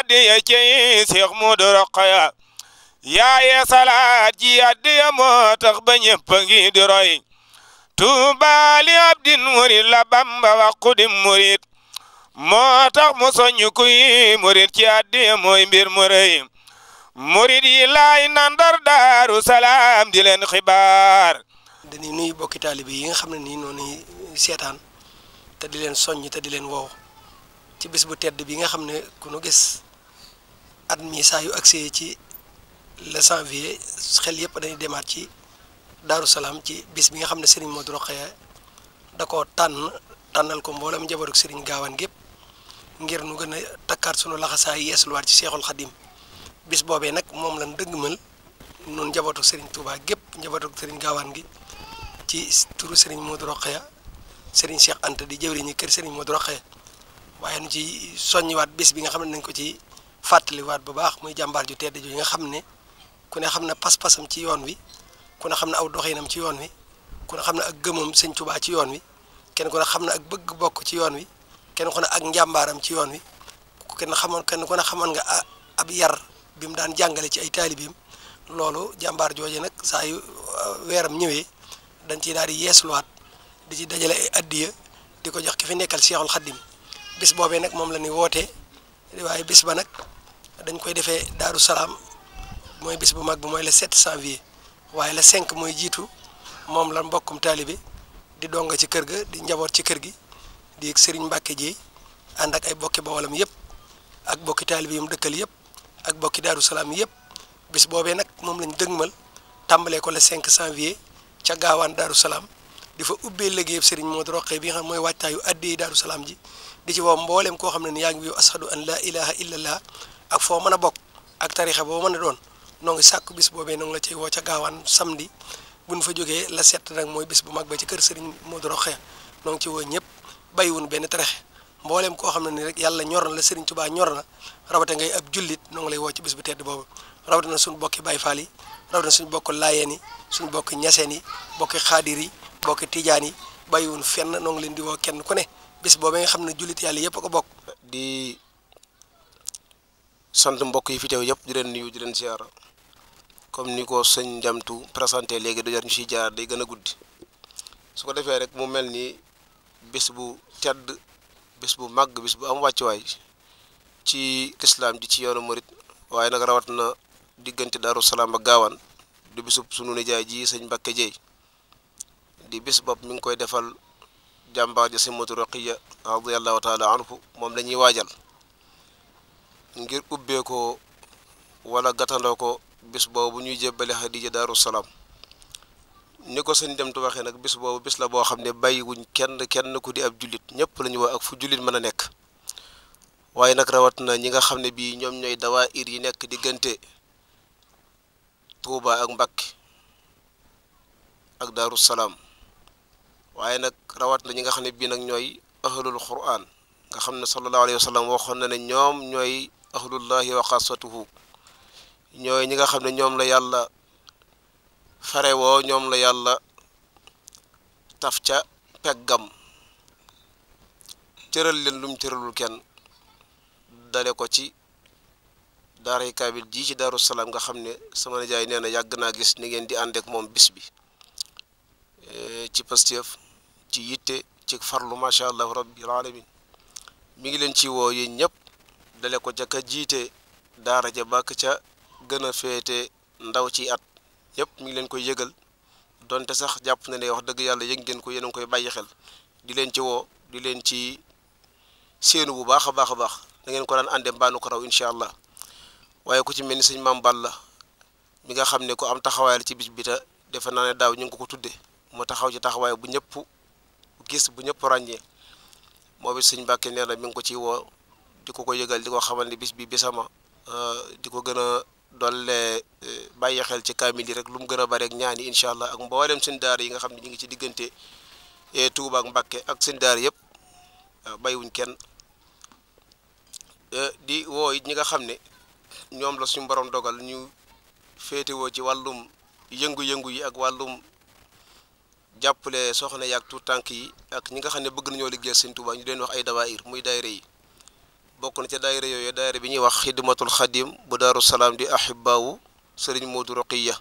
addiya e cey Seex Moodu Rokhaya yaaye salaat ji addiya e moo tax ba ñëpp di roy Tuuba li abdin murid la Bamba wa qudim murid moo mu soññ kuy murid ci addiya e mooy mbir mu rëy murid yi laay nandar daaru salaam di leen xibaar dañuy nuyu bokki taalibe yi nga xam ne nii noonu seetaan te di leen soññ te di leen woow ci bis bu tedd bi nga xam ne ku nu gis at mi saa yu agsee ci le janvier xel yëpp dañuy demaat ci Daaru Salaam ci bis bi nga xam ne Serigne Modou Rokhaya da ko tànn tànnal ko mboolam njaboot Serigne Gaawaan gépp ngir nu gën a takkaat sunu laxasaay yeesluwaat ci Seexul Xadim bis boobee nag moom lañ dëggmal noon njabootu Serigne Touba gépp njabootu Serigne Gaawaan gi ci turu Serigne Modou Rokhaya Serigne Cheikh Anta di jëwriñu kër Serigne Modou Rokhaya waaye nu ci soññiwaat bis bi nga xam ne nañ ko ci fàttaliwaat bu baax muy jàmbaar ju tedd ju nga xam ne ku ne xam na pas-pasam ci yoon wi ku ne xam na aw doxinam ci yoon wi ku ne xam na ak gëmam sëñ ci yoon wi kenn ku ne xam na ak bëgg bokk ci yoon wi kenn ku ne ak njàmbaaram ci yoon wi kenn xamoon kenn ku ne xamoon nga ab yar bi mu daan jàngale ci ay biim loolu jàmbaar jooje nag saa yu uh, weeram ñëwee dañ ciy daal di yeesluwaat di ci dajale ay addiya di ko jox ki fi nekkal Seexul Xaddim bis boobee nag moom la ni wootee waaye bis ba nag dañ koy defee daaru salaam mooy bis bu mag bi mooy le 7 janvier waaye le cinq mooy jiitu moom la mbokkum taalibe di donga ci kër ga di njaboot ci kër gi di sëriñ Mbàkke Jéey ànd ak ay bokki Bawolam yëpp ak bokki taalibe yi mu dëkkal yëpp ak bokki daaru salaam yëpp bis boobee nag moom lañ dëgmal tàmbalee ko le 5 janvier ca gaawaan daaru salaam di fa ubbee liggéeyub sëriñ Modou Rokhaya bi nga xam mooy waajtaayu addee daaru salaam ji di ci woo mboolem koo xam ne ni yaa ngi bii ashadu an la ilaha illallah ak foo mën a bokk ak tarixa boo mën a doon noo ngi sàkku bis boobee noo la cay woo ca gaawaan samedi buñ fa jógee la set nag mooy bis bu mag ba ci kër sëriñ Modou Rokhaya noo ngi ci woo ñëpp bàyyiwun benn tarixa mbooleem koo xam ne ni rek yàlla ñor na la Serigne Touba ñor na rawate ngay ab jullit noo ngi lay woo ci bis bu tedd boobu rawate na suñu bokki Baye faal yi rawate na suñu bokk laayeen yi suñu bokk ñaseen yi bokki xaadir yi bokki tijaan yi bay bàyyiwun fenn noo ngi leen di woo kenn ku ne bis boobu nga xam ne jullit yàlla yëpp ko bokk. di sant mbokk yi fi teew yëpp di leen nuyu di leen ziar comme ni ko sëñ Ndiamtu présenté léegi du jar ñu si jaar day gën a guddi su ko defee rek mu mel ni bis bu tedd bis bu màgg bis bu am wàcc waay ci lislaam ji ci yoonu murit waaye nag rawat na diggante Daaru Salaam ak Gaawaan di bisub sunu nijaay ji sëñ Mbakke Jéey di bis bopp mi ngi koy defal. jàmbaar ji si matu raqiya radiallahu taala anhu moom la ñuy waajal ngir ubbee ko wala gàttandoo ko bis boobu ñuy jébbale Xadiija Daaru Salaam ni ko sëñ dem tu waxee nag bis boobu bis la boo xam ne bàyyiwuñ kenn kenn ku di ab jullit ñëpp la ñu woo ak fu jullit mën a nekk waaye nag rawat na ñi nga xam ne bii ñoom ñooy dawaa ir yi nekk diggante Tuuba ak Mbàkke ak Daaru Salaam waaye nag rawat na ñi nga xam ne bii nag ñooy ahlul quran nga xam ne sallallahu alayhi wa sallam na ne ñoom ñooy ahlullahi wa xasatuhu ñooy ñi nga xam ne ñoom la yàlla fare ñoom la yàlla taf ca peggam cëral leen lum cëralul kenn dale ko ci daaray kaabil jii ci daaru salaam nga xam ne sama nijaay nee na yàgg naa gis ni ngeen di àndeek moom bis bi eh, ci Pastef ci yitte ci farlu macha allah rabbil alamin mi ngi leen ci woo yéen ñëpp dale ko ca ka jiite daara ja bàkk ca gën a ndaw ci at yëpp mi ngi leen koy yëgal donte sax jàpp na ne wax dëgg yàlla yëg ngeen ko yéen a koy bàyyi xel di leen ci woo di leen ci séenu bu baax a baax a baax da ngeen ko daan àndee mbaanu ko raw incha allah waaye ko ci mel ni sëñ maam la mu nga xam ne ko am taxawaay la ci bit bi ta defe naa ne daaw ñu ngi ko ko tuddee mu taxaw ci taxawaay gis bu ñëpp ràññee moo bi sëñ Mbàkke nee na mi ngi ko ci woo di ko ko yëgal di ko xamal ni bis bi bisama euh, di ko gën a dolle euh, bàyyi xel ci kaamil yi rek lu mu gën a bari ak ñaani incha allah ak mboolem seen daar yi nga xam ne ñu ngi ci diggante euh, Touba ak Mbàkke ak seen daara kenn di woo ñi nga xam ne ñoom la suñu borom dogal ñu féetewoo ci wàllum yëngu-yëngu yi ak wàllum jàppale soxna yaak tout tànk yi ak ñi nga xam ne bëgg nañoo liggéey sëñ Tuubaa ñu leen wax ay dawaayir muy daayira yi bokk na ca daayira yooyu daayira bi ñuy wax xidmatul xadim bu daaru salaam di ahibaawu sëriñ Moodu Roqiya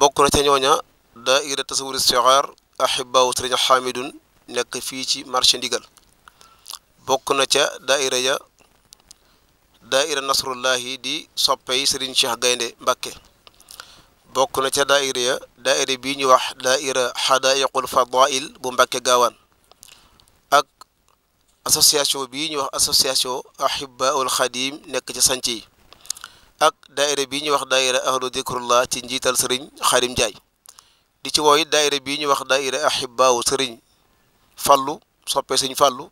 bokk na ca ñooña daayira tasawuri soxaar ahibaawu sëriñ Xaamidun nekk fii ci marché ndigal bokk na ca daayira ya daayira nasrullahi di soppey sëriñ Cheikh Gaynde Mbàkke bokk na ca daaira ya daaira bii ñuy wax daaira xadaayiqul fadail bu mbakkee gaawaan ak association bii ñuy wax association ahibaul xadim nekk ci sanc yi ak daaira bii ñuy wax daaira ahlu dikrullah ci njiital sëriñ xarim Njaay di ci wooy daaira bii ñuy wax daaira ahibaawu sëriñ fàllu soppe sëñ fàllu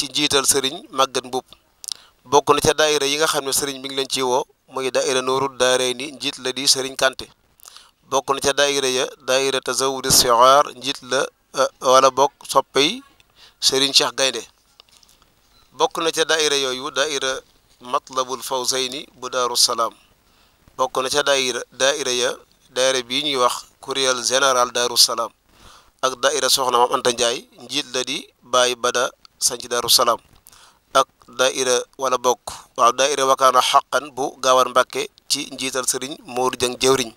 ci njiital sëriñ màggat mbubb bokk na ca daaira yi nga xam ne sëriñ bi ngi leen ciy woo muy daaira nuurul daarayni njiit la di Serigne Kanté bokk na ca daaira ya daaira tazawudi sigaar njiit la eh, wala bokk soppey Serigne Cheikh Gaynde bokk na ca daaira yooyu daaira matlabul fawzayni bu daaru salaam bokk na ca daaira daaira ya daaira bii ñuy wax kuréel général daaru salaam ak daaira soxna Maam Anta Ndiaye njiit la di Baye Bada sanc daaru salaam ak daaira wala bokk waaw daaira wakaana xaqan bu gaawaan mbàkke ci njiital sëriñ Moodu Jëng jëwriñ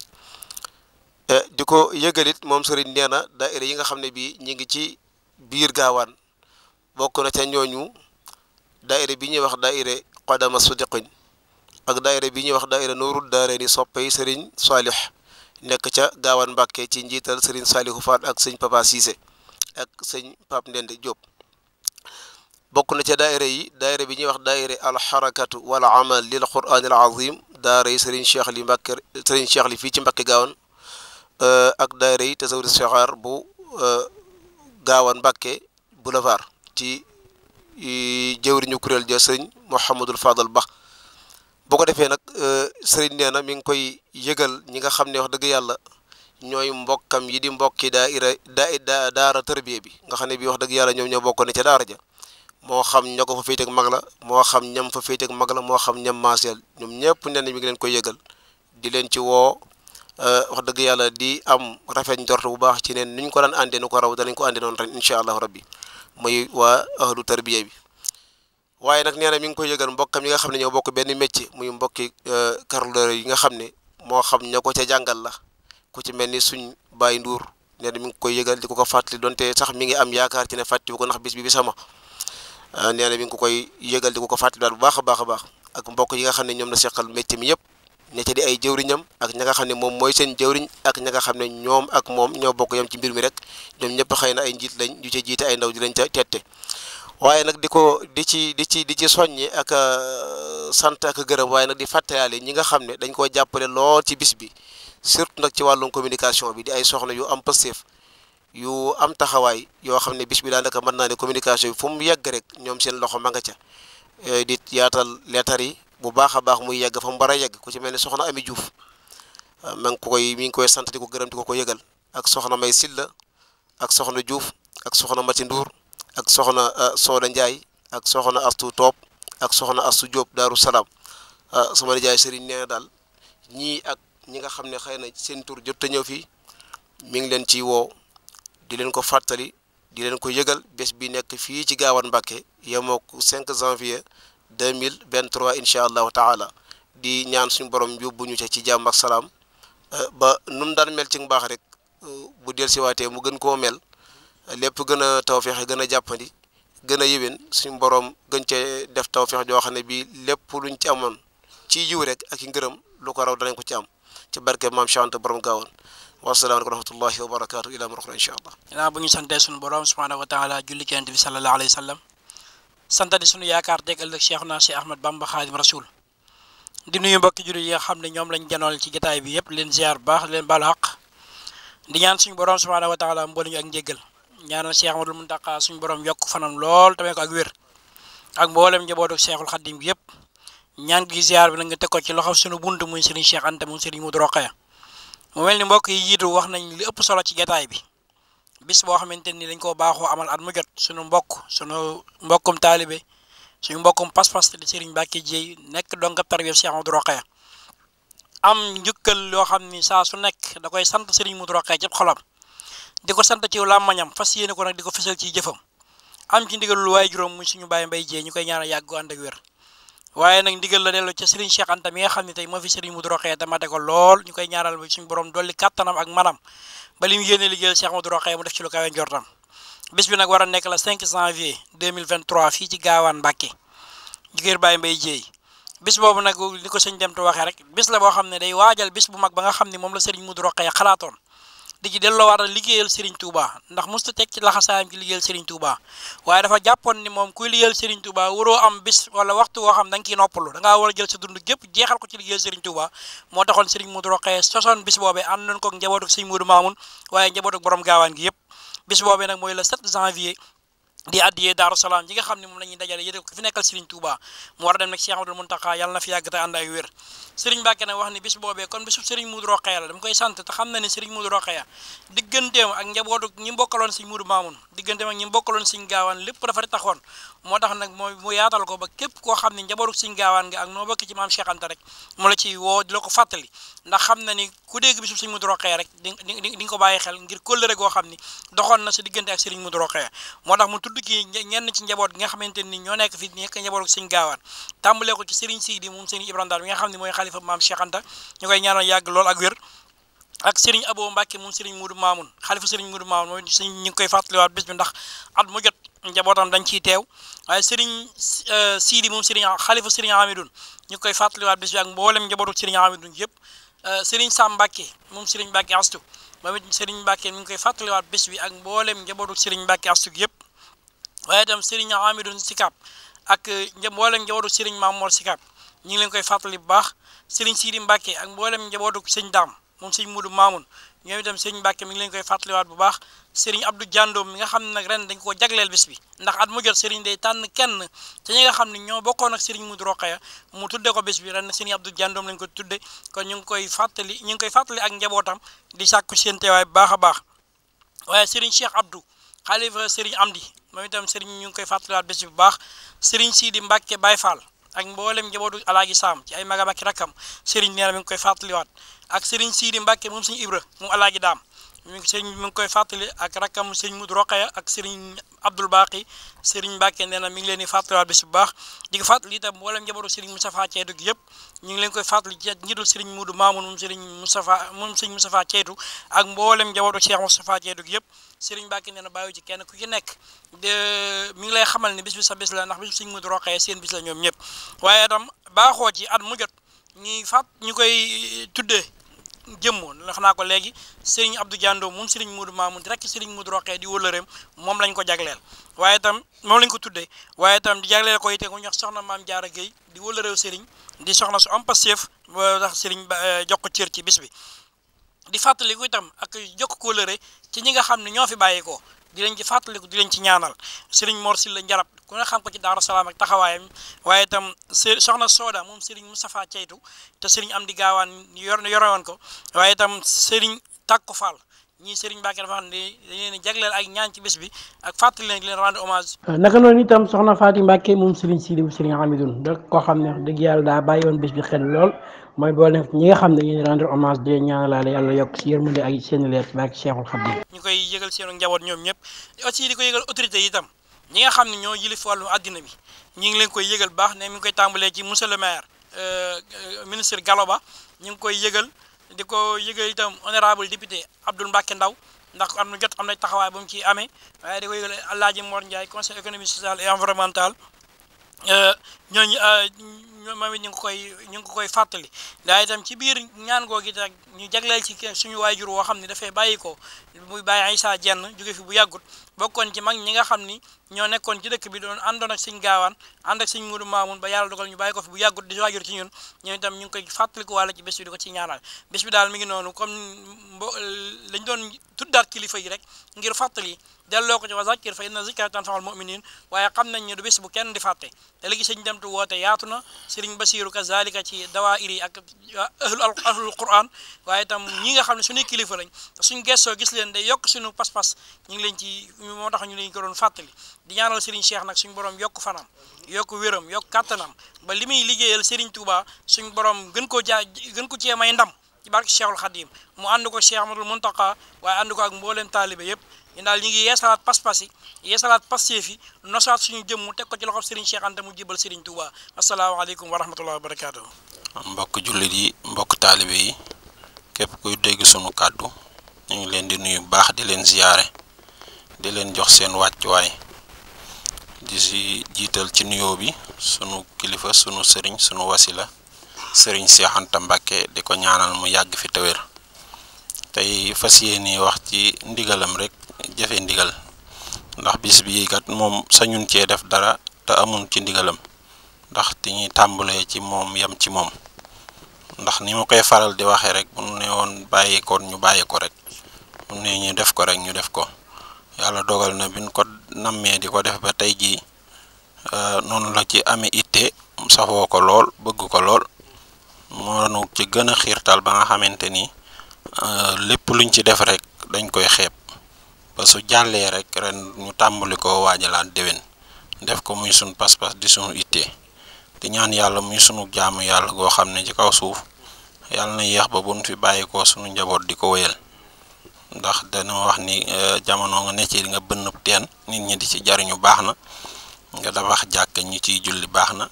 e, di ko yëgalit moom sëriñ nee na daaira yi nga xam ne bii ñu ngi ci biir gaawaan bokk na ca ñooñu daaira bi ñuy wax daaira qodama sudiqin ak daaira bi ñuy wax daaira nuurul daarayni soppe yi sëriñ Saalix nekk ca gaawaan mbàkke ci njiital sëriñ Saalihu Faat ak sëñ Papa Siise ak sëñ Pape Ndende Diop bokk na ca daayira yi daayira bi ñuy wax daayira alxarakatu wal amal li quran al azim daara yi sëriñ cheikh li mbàkke sëriñ cheikh li fii ci mbàkke gaawan euh, ak daayira yi tasawudi saxaar bu euh, gaawan mbàkke boulevard ci jëwriñu kuréel ja sëriñ mouhamadul fadal ba boo ko defee nag euh, sëriñ nee na mi ngi koy yëgal ñi nga xam ne wax dëgg yàlla ñooy mbokkam yi di mbokki daayira daa daara tërbiye bi nga xam ne bi wax dëgg yàlla ñoom ñoo bokk ne ca daara ja moo xam ña ko fa féete ak mag la moo xam ñam fa féete mag la moo xam ñam maaseel ñoom ñëpp nee na mi ngi leen koy yëgal di leen ci woo euh, wax dëgg yàlla di am rafet njort bu baax ci neen ñu ko daan àndee nu ko raw danañ ko àndee noonu ren incha allahu rabbi muy waa ahlu tarbiya bi waaye nag nee na mi ngi koy yëgal mbokkam yi nga xam ne ñoo bokk benn métier muy mbokki euh, carreleur yi nga xam ne moo xam ña ko ca jàngal la ku ci mel ni suñ bàyyi nduur nee na mi ngi koy yëgal di ko ko fàttali donte sax mi ngi am yaakaar ci ne fàttali ko ndax bis bi bi sama Ah, nee na mi ngi ko koy yëgal di ko ko fàttaliwaat bu baax a baax a baax ak mbokk yi nga xam ne ñoom la seqal métier mi yëpp ne ca di ay jëwriñam ak ña nga xam ne moom mooy seen jëwriñ ak nga xam ne ñoom ak moom ñoo bokk yam ci mbir mi rek ñoom ñëpp xëy na ay njiit lañ yu ci jiite ay ndaw di lañ ca tette waaye nag di ko di ci di ci di ci soññi ak ah, sant ak gërëm waaye nag di fàttalaale ñi nga xam ne dañ koo jàppale lool ci bis bi surtout nag ci wàllum communication bi di ay soxna yu am pësteef yu am taxawaay yoo xam ne bis bi daanaka mën naa ne communication yi fu mu yegg rek ñoom seen loxo ma nga ca eh, di yaatal leetar yi bu baax a baax muy yegg fa mu war yegg ko ci mel ni soxna Ami Diouf eh, ma ngi koy mi ngi koy sant di ko gërëm di ko ko yëgal ak soxna May Silla ak soxna Diouf ak soxna Mati Ndour ak soxna eh, Sooda njaay ak soxna Astu Toob ak soxna Astu Diop Daaru Salaam sama nijaay sëriñ nee na daal ñii ak ñi nga xam ne xëy na seen tur jot a ñëw fii mi ngi leen ciy woo. di leen ko fàttali di leen ko yëgal bés bi nekk fii ci Gaawaan Mbàkke yemook 5 janvier 2023 incha allahu taala di ñaan suñu borom yóbbu ñu ca ci jàmm ak salaam eh, ba nu mu daan mel ci mbaax rek eh, bu del siwaatee mu gën koo mel lépp gën a taw tawféexe gën a jàppandi gën a yéwén suñu borom gën cee def tawféex joo xam ne bii lépp luñ ci amoon ci yiw rek ak i ngërëm lu ko raw danañ ko ci am ci barke maam Cheikh Anta borom Gaawaan wasalaamaaleykum wa rahmatullahi wa barakaatu ila moroxro incha allah ginnaaw bu ñu santee suñu borom subhaanahu wa taala julli ci yonent bi sallallahu alayhi wa sallam santati suñu yaakaar dégg ëllëg Cheikhuna Cheikh Ahmad Bamba Xaadim Rasul di nuyu mbokki jullit yi nga xam ne ñoom lañ janool ci jotaay bi yëpp leen ziar baax leen baalu àq di ñaan suñu borom subhaanahu wa taala mboole ñu ak njéggal ñaanal Cheikh Ahmadul Muntaqa suñu borom yokk fanam lool tamee ko ak wér ak mboolem njabootu Cheikhul Xadim bi yëpp ñaan gi ziar bi nag nga teg ci loxo suñu bunt muy Serigne Cheikh Anta moom Serigne Modou Rokhaya mu mel ni mbokk yi jiitu wax nañ li ëpp solo ci jataay bi bis boo xamante ni dañ koo baaxoo amal at mu jot suñu mbokk sunu mbokkum taalibe suñu mbokkum pas-pas di Serigne Mbacké Dieye nekk donga tarbiya Cheikh Modou Rokhaya am njukkal loo xam ni saa su nekk da koy sant mu Modou Rokhaya ci xolam di ko sant ci làmmañam fas yéene ko nag di ko fesal ci jëfam am ci ndigalul waaye juróom mu suñu bàyyi mbay Dieye ñu koy ñaanal yàggu ànd wér waaye nag ndigal la delloo ca Serigne Cheikh Anta mi nga xam ne tey moo fi Serigne Modou Rokhaya tamate ko lool ñu koy ñaaral ba suñu borom dolli kattanam ak manam ba li mu yéene liggéeyal Cheikh Modou Rokhaya mu def ci lu kawe njortam bis bi nag war a nekk la 5 janvier 2023 fii ci gaawaan Mbàkke jigéer Baye Mbaye Dieye bis boobu nag ni ko dem Demba waxee rek bis la boo xam ne day waajal bis bu mag ba nga xam ne moom la Serigne Modou Rokhaya xalaatoon di ci delloowaat a liggéeyal Serigne Touba ndax musta teg ci laxasaayam ci liggéeyal Serigne Touba waaye dafa jàppoon ni moom kuy liggéeyal Serigne Touba waroo am bis wala waxtu woo xam da nga ciy noppalu da ngaa war a jël sa dund gépp jeexal ko ci liggéeyal Serigne Touba moo taxoon Serigne Modou Rokhaya sosoon bis boobee àndoon ko njabootu Serigne Modou Mamoun waaye njabootu borom gaawaan gi yëpp bis boobee nag mooy le 7 janvier di addiyee daaru salaam nga xam ne moom la ñuy dajale yéte ko fi nekkal Serigne Touba mu war a dem nag Cheikh Amadou Mountakha yàlla na fi yàgg te ànd ak wér Serigne Mbacke nag wax ni bis boobee kon bisu Serigne Modou Rokhaya la dama koy sant te xam na ne Serigne Modou Rokhaya digganteem ak njabootu ñi mbokkaloon Serigne Modou Mamoun digganteem ak ñi mbokkaloon Serigne Gaawaan lépp dafa taxoon moo tax nag mooy mu yaatal ko ba képp koo xam ne njabootu Serigne Gaawaan nga ak noo bokk ci maam Cheikh Anta rek woo di la ko ndax xam na ni ku dégg bisub sëñ Modou Rokhaya rek di di di ko bàyyi xel ngir kóllëre goo xam ni doxoon na si diggante ak sëriñ Modou Rokhaya moo tax mu tudd kii ñenn ci njaboot gi nga xamante ni ñoo nekk fii nekk njaboot sëñ gaawaan tàmbalee ko ci sëriñ Sidi moom sëriñ Ibrahima daal ne mooy xalifa maam Cheikh Anta ñu koy ñaanal yàgg lool ak wér ak Serigne Abo Mbacke moom Serigne Moudou Mamoun xalifa Serigne Moudou Mamoun moom Serigne ñu ngi koy fàttaliwaat bés bi ndax at mu jot njabootam dañ ciy teew waaye Serigne euh, Sidi moom Serigne xalifa Serigne Amidoun ñu koy fàttaliwaat bés bi ak mboolem njabootu Serigne Amidoun yëpp. Euh, Serigne Sam Mbacke moom Serigne Mbacke Astou moom it Serigne Mbacke mi ngi koy fàttaliwaat bés bi ak mboolem njabootu Serigne Mbacke Astou gi waaye dem Serigne Amidou Sikap ak euh, mboolem njabootu Serigne Mamor Sikap ñu ngi leen koy fàttali bu baax Serigne Sidi Mbacke ak mboolem njabootu Serigne Dame moom sëñ Modou Mamoun ñoom itam sëñ Mbacke mi ngi leen koy fàttaliwaat bu baax sëriñ Abdou Diandoom mi nga xam ne nag ren dañ ko jagleel bis bi ndax at mu jot sëriñ day tànn kenn ci ñi nga xam ne ñoo bokkoon ak sëriñ Modou Rokhaya mu tudde ko bis bi ren nag sëriñ Abdou Diandoom lañ koy tudde kon ñu ngi koy fàttali ñu ngi fàttali ak njabootam di sàkku seen teewaay bu baax a baax waaye sëriñ Cheikh Abdou xaalifa am di moom itam sëriñ ñu ngi koy fàttaliwaat bis bi bu baax sëriñ Sidi Mbacke Baye Fall ak mboolem njabootu alaaji saam ci ay magam ak rakkam Serigne nee na mi ngi koy fàttaliwaat ak Serigne Sidi Mbacke moom suñu Ibra moom alaaji daam mu ngi sëñ mi ngi koy fàttali ak rakkam sëñ Mudu Roqaya ak sëriñ Abdul Baqi sëriñ Mbàkke nee na mi ngi leen di fàttaliwaat bis bu baax di ko fàttali itam mboolem njabaru sëriñ Moustapha Ceytu gi yëpp ñu ngi leen koy fàttali ci njiitul sëriñ Mudu Maamun moom sëriñ Moustapha moom sëriñ Moustapha Ceytu ak mboolem njabaru Cheikh Moustapha Ceytu gi yëpp sëriñ Mbàkke nee na bàyyi ci kenn ku ci nekk mu ngi lay xamal ne bis bi sa bis la ndax bis sëriñ Mudu Roqaya seen bis la ñoom ñëpp waaye itam baaxoo ci at mu jot ñuy fàtt ñu koy tuddee jëmmoo la naa ko léegi Serigne Abdou Diando moom Serigne Modou Mamoun rek Serigne Modou Roqee di wëllëreem moom lañ ko jagleel waaye itam moom lañ ko tuddee waaye itam di jagleel koy ite ku ñox soxna maam Diarra géey di wëllëreew Serigne di soxna su am passeef tax Serigne ba eh, jox ko cër ci bis bi. di ku itam ak jokk kóolëre ci ñi nga xam ne ñoo fi bàyyeekoo di leen ci fàttaliku di leen ci ñaanal Serigne Mor Sylla Njarab ku nga xam ko ci Daaru Salaam ak taxawaayam waaye itam soxna Soda moom Serigne Moustapha Ceytu te Serigne Amdi Gaawaan yor yore woon ko waaye itam Serigne Takku Fall ñii Serigne Mbacke dafa xam ne dañ leen jagleel ak ñaan ci bés bi ak fàttali leen di leen rendre hommage. Euh, naka noonu itam soxna Faati Mbacke moom Serigne Sidi bu Serigne Amidoun da koo xam ne dëgg yàlla daa bàyyi woon bés bi xel lool. mooy boole ñi nga xam ne ñu rendre hommage di ñaanalaale yàlla yokk si yërmande ak seen leer ci barke Cheikhul Khadim ñu koy yëgal seen njaboot ñoom ñëpp aussi di ko yëgal autorité itam ñi nga xam ne ñu ngi koy yëgal mi ngi koy euh, euh, ñu ngi koy yëgal di ko yëgal itam honorable député Abdoul Mbacke Ndaw ndax am na jot am na taxawaay bu mu ciy amee waaye di ko yëgal Alaaji Mor Ndiaye conseil économique social et environnemental euh, ñooñu moom mi ñu ngi koy ñu ngi koy fàttali daa itam ci biir ñaan googi nag ñu jagleel ci suñu waajur woo xam ne dafay bàyyi ko muy bàyyi Aïssa jenn jóge fi bu yàggut bokkoon ci mag ñi nga xam ni ñoo nekkoon ci dëkk bi doon àndoon ak sëñ gaawaan ànd ak sëñ Modu Maamun ba yàlla dogal ñu bàyyi ko fi bu yàggut di waajur ci ñun ñu ngi koy fàttaliku wàlla ci bés bi di ko ci ñaanal bés bi daal mi ngi noonu comme mbo lañ doon tuddaat kilifa yi rek ngir fàttali delloo ko ci wa zakkir fa inna zikra tanfaul muminin waaye xam nañ ne du bés bu kenn di fàtte te léegi sëñ demtu woote yaatu na sëriñ Basiiru kazalika ci waaye itam ñi nga xam ne suñuy kilifa lañ suñ gestoo gis leen day yokk suñu pas-pas ñu ngi leen ci mi moo tax ñu lañ ko doon fàttali di ñaanal Serigne Cheikh nag yokk fanam yokk wéram yokk ba li muy liggéeyal Serigne Touba suñu borom gën koo jaa gën ko cee may ndam ci barke Cheikhul Khadim mu ànd ko Cheikh Amadou Mountakha waaye ànd ko ak mbooleem taalibe yëpp ñu daal ñu ngi yeesalaat pas-pas yi yeesalaat pasteef yi nosaat suñu jëmm teg ko ci loxob Serigne Cheikh Anta mu jibal Serigne Touba asalaamaaleykum wa rahmatullahi wa barakaatu. mbokk jullit yi mbokk taalibe yi képp kuy dégg sunu kàddu ngi leen di nuyu baax di leen ziyaare di leen jox seen wàccuwaay di si jiital ci nuyoo bi sunu kilifa sunu sëriñ sunu wasila sëriñ Seex Anta Mbàkke di ko ñaanal mu yàgg fi te wér tey fas yéene wax ci ndigalam rekk jëfe ndigal ndax bis bii kat sañun cee def dara te amun ci ndax ti ñuy ci moom yem ci moom ndax ni ma koy faral di waxee rek bu ne woon bàyyi ko ñu bàyyi ko rek bu ne ñu def ko rek ñu def ko yàlla dogal na bi ñu ko nammee di ko def ba tey jii euh, noonu la ci amee itte safoo ko lool bëgg ko lool moo nu ci gën a xiirtal ba nga xamante ni euh, lépp lu luñ ci def rek dañ koy xeeb ba su jàllee rek ren ñu tàmbali ko waajalaat déwén def ko muy suñ pas-pas di suñu itte di ñaan yàlla muy sunu jaamu yàlla goo xam ne ci kaw suuf yàlla na yéex ba buñ fi bàyyi ko sunu njaboot di ko wéyal ndax dañoo wax ni euh, jamono nga ne ci nga bënn teen nit ñi di ci jariñu baax na nga tabax jàkk ñu ciy julli baax na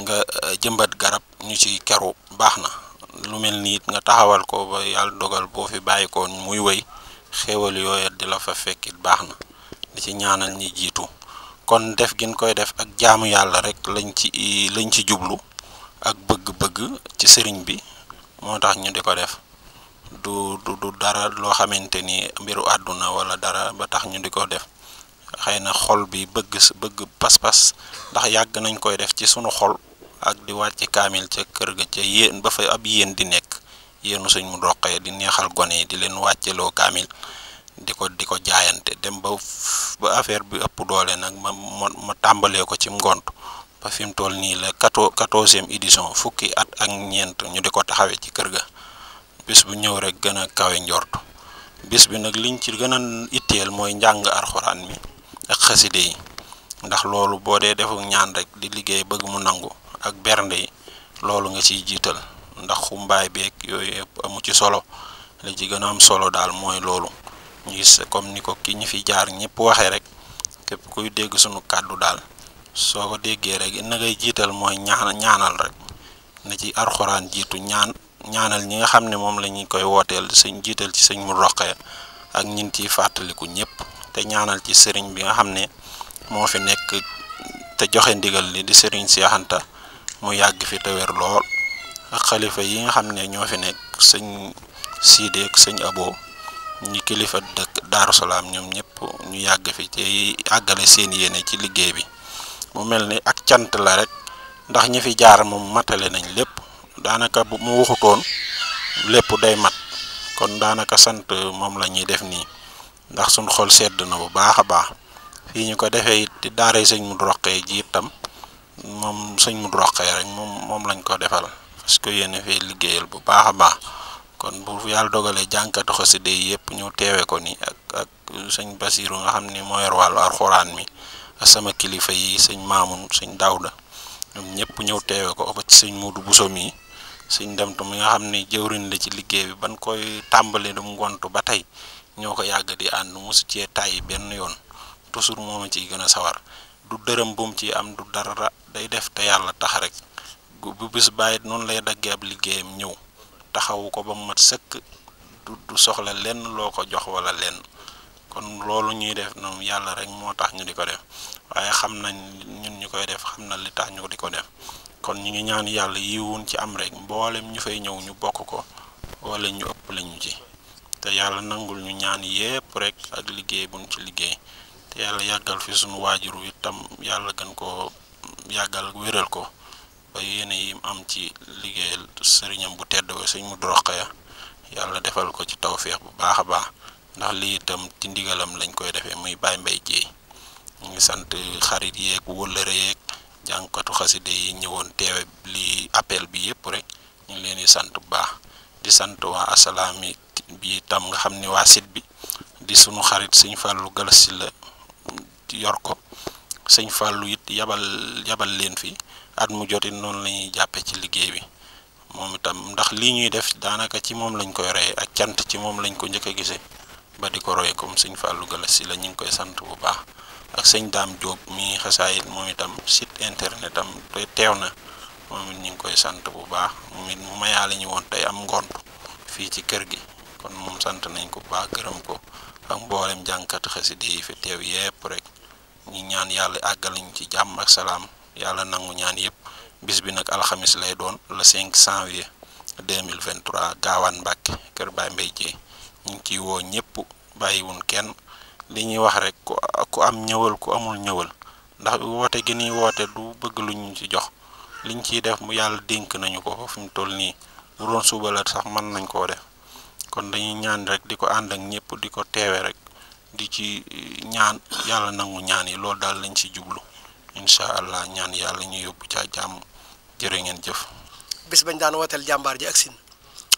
nga euh, jëmbat garab ñu ciy keru baax na lu mel niit nga taxawal ko ba yàlla dogal boo fi bàyyikoon muy wéy xéewal yooya di la fa fekkit baax na di ci ñaanal ñi jiitu kon def gin koy def ak jaamu yàlla rek lañ ci lañ ci jublu ak bëgg-bëgg ci sëriñ bi moo tax ñu di ko def du du dara loo xamante ni mbiru àdduna wala dara ba tax ñu di ko def xëy na xol bi bëgg bëgg pas-pas ndax yàgg nañ koy def ci sunu xol ak di wàcc kaamil ca kër ga ca yéen ba fa ab yéen di nekk yéenu suñ mu roqee di neexal gone yi di leen wàcceeloo kaamil di ko di ko jaayante dem ba ba affaire bi ëpp doole nag ma ma tàmbalee ko ci ngont ba fi mu toll nii la quatorzième édition fukki at ak ñeent ñu di ko taxawee ci kër ga bis bu ñëw rek gën a kawe njort bis bi nag liñ ci gën a itteel mooy njàng arxuraan mi ak xaside yi ndax loolu boo dee defuk ñaan rek di liggéey bëgg mu nangu ak bernde yi loolu nga ciy jiital ndax xumbaay beeg yooyu yëpp amu ci solo li ci gën a am solo daal mooy loolu ñu gis comme ni ko ki ñu fi jaar ñëpp waxee rek képp kuy dégg sunu kàddu daal soo ko déggee rek na ngay jiital mooy ñaan ñaanal rek na ci arxuraan jiitu ñaan ñaanal ñi nga xam ne moom la ñu koy wooteel sëñ jiital ci sëñ mu roqee ak ñin ciy fàttaliku ñëpp te ñaanal ci sëriñ bi nga xam ne moo fi nekk te joxe ndigal li di sëriñ Cheikh Anta mu yàgg fi te wér lool ak xalifa yi nga xam ne ñoo fi nekk sëñ Siidi ak sëñ Abo ñi kilifa dëkk Daaru Salaam ñoom ñëpp ñu yàgg fi te àggale seen yéene ci liggéey bi mu mel ni ak cant la rek ndax ñi fi jaar moom matale nañ lépp daanaka bu mu waxutoon lépp day mat kon daanaka sant moom la ñuy def nii ndax suñ xol sedd na bu baax a baax fii ñu ko defee it di daaray sëñ Modou Rokhaya ji itam moom sëñ Modou Rokhaya rek moom moom lañ ko defal parce que yéen fee liggéeyal bu baax a baax kon bu yàlla dogalee jànkatu xasida yi yëpp ñëw teewe ko ni ak ak sëñ Basiiru nga xam ni moo yor wàllu alxuraan mi ak sama kilifa yi sëñ Maamun sëñ Daawda ñoom ñëpp ñëw teewe ko ba ci sëñ Modou Bousso mi suñ demtu mi nga xam ni jëwriñ la ci liggéey bi ban koy tàmbali dum ngontu ba tey ñoo ko yàgg di ànd mosu cee tàyyi benn yoon toujours moom ciy gën a sawar du dërëm bu ci am du dara day def te yàlla tax rek bu bis bàyyit noonu lay daggee ab liggéeyam ñëw taxawu ko ba mu mat sëkk du du lenn loo ko jox walla lenn kon loolu ñuy def noonu yàlla rek moo tax ñu di ko def waaye xam nañ ñun ñu koy def xam na li tax ñu di ko def kon ñi ngi ñaan yàlla yiwun ci am rek mboolem ñu fay ñëw ñu bokk ko wala ñu ëpp lañu ci te yàlla nangul ñu ñaan yépp rek ak liggéey buñ ci liggéey te yàlla yàggal fi suñu waajur wi tam yàlla gën ko yàggal wéral ko ba yéene yi am ci liggéeyal sëriñam bu tedd ba sëñ mu droq ya yàlla defal ko ci tawféex bu baax a baax ndax lii itam tindigalam lañ koy defee muy baay mbay jéey ñu ngi sant xarit yeeg wëllëre yeeg jàngkatu xaside yi ñëwoon teewe li appel bi yëpp rek ñu leen di sant bu baax di sant waa asalaami bi itam nga xam ni waa sit bi di sunu xarit suñu Fallou galasi la yor ko sëñ Fallou it yabal yabal leen fi at mu jotit noonu la ñuy jàppe ci liggéey bi moom itam ndax lii ñuy def daanaka ci moom lañ koy royee ak cant ci moom lañ ko njëkk a gisee ba di ko royee comme sëñ Fallou Galass Sylla ñu ngi koy sant bu baax ak sëñ Daam Jóob mi xasaayit moom itam site internet am teew na moom it ñu ngi koy sant bu baax moom it mu mayaale ñu woon tey am ngont fii ci kër gi kon moom sant nañ ko baax gërëm ko ak mboolem jànkat xasida yi fi teew yépp rek ñu ñaan yàlla àggaliñ ci jàmm ak salaam yàlla nangu ñaan yëpp bis bi nag alxamis lay doon le 5 janvier 2023 gaawaan Mbàkke kër Baay Mbay Jéey ñu ngi ciy woo ñëpp bàyyiwun kenn li ñuy wax rek ku ku am ñëwal ku amul ñëwal ndax woote gi ñuy woote du bëgg lu ñu ci jox liñ ciy def mu yàlla dénk nañu ko fi mu toll nii bu doon suba sax man nañ koo def kon dañuy ñaan rek di ko ànd ak ñëpp di ko teewe rek di ci ñaan yàlla nangu ñaan yi loolu daal lañ ci jublu incha allah ñaan yàlla ñu yóbbu ca jàmm jërë ngeen jëf. bis bañ daan wooteel jàmbaar ji ak sin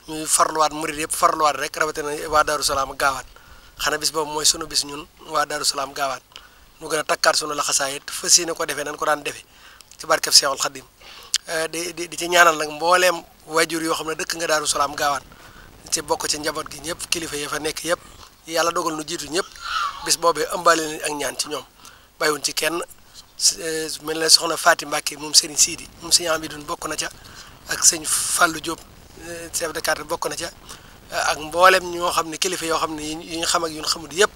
ñuy farluwaat murid yëpp farluwaat rek rawatina waa Daaru Salaam ak gaawaat xanaa bis boobu mooy sunu bis ñun waa Darou Salaam gaawaan nu gën a takkaat sunu laxasaayit fas yéene ko defee nan ko daan defee ci barkeb Seexul Xadim eh, di di ci ñaanal nag mbooleem wajur yoo xam ne dëkk nga Darou Salaam gaawaan ci bokk ci njaboot gi ñëpp kilifa yi fa nekk yëpp yàlla dogal nu jiitu ñëpp bis boobee ëmbaale leen ak ñaan ci ñoom bàyyiwuñ ci kenn eh, mel na soxna Faati Mbàkke moom Serigne Sidi moom bi Amidou bokk na ca ak sëñ Fallou Diop eh, chef de quartier bokk na ca ak mboolem ñoo xam ne kilifa yoo xam ne yi ñu xam ak yu ñu xamul yëpp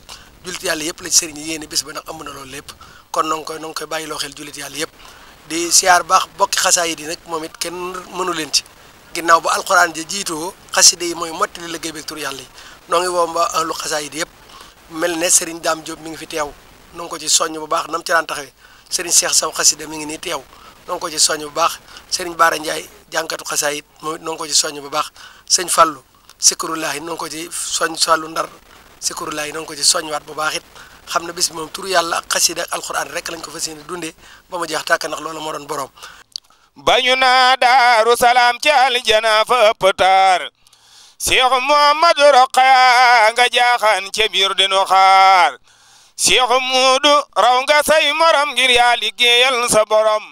jullit yàlla yëpp la ci sëriñ yéene bis amu na loolu lépp kon na nga koy na nga koy bàyyiloo xel jullit yàlla yëpp di siyaar baax bokki yi nag moom it kenn mënu leen ci ginnaaw ba ji jiitoo xaside yi mooy mottali liggéey bi yàlla yi noo ngi woo mba ahlu xasaayid yëpp mel ne sëriñ Daam Diop mi ngi fi teew na nga ko ci soññ bu baax nam ci daan taxawee sëriñ Cheikh Saw de mi ngi nii teew noo ngi ko ci soññ bu baax sëriñ Baara Ndiaye jànkatu xasaayid moom it noo ngi ko ci soññ bu baax sëñ Fallou sikkurulaay na nga ko ci soñ sàllu ndar sikkurulaay na nga ko ci soñwaat bu baax it xam ne bis bi moom turu yàlla ak xasida ak alxuraan lañ ko fas yéene dundee ba mu jeex tàkk ndax loolu moo bañu naa daaru salaam ci aljana fa Muudu raw nga say morom ngir yaa sa borom.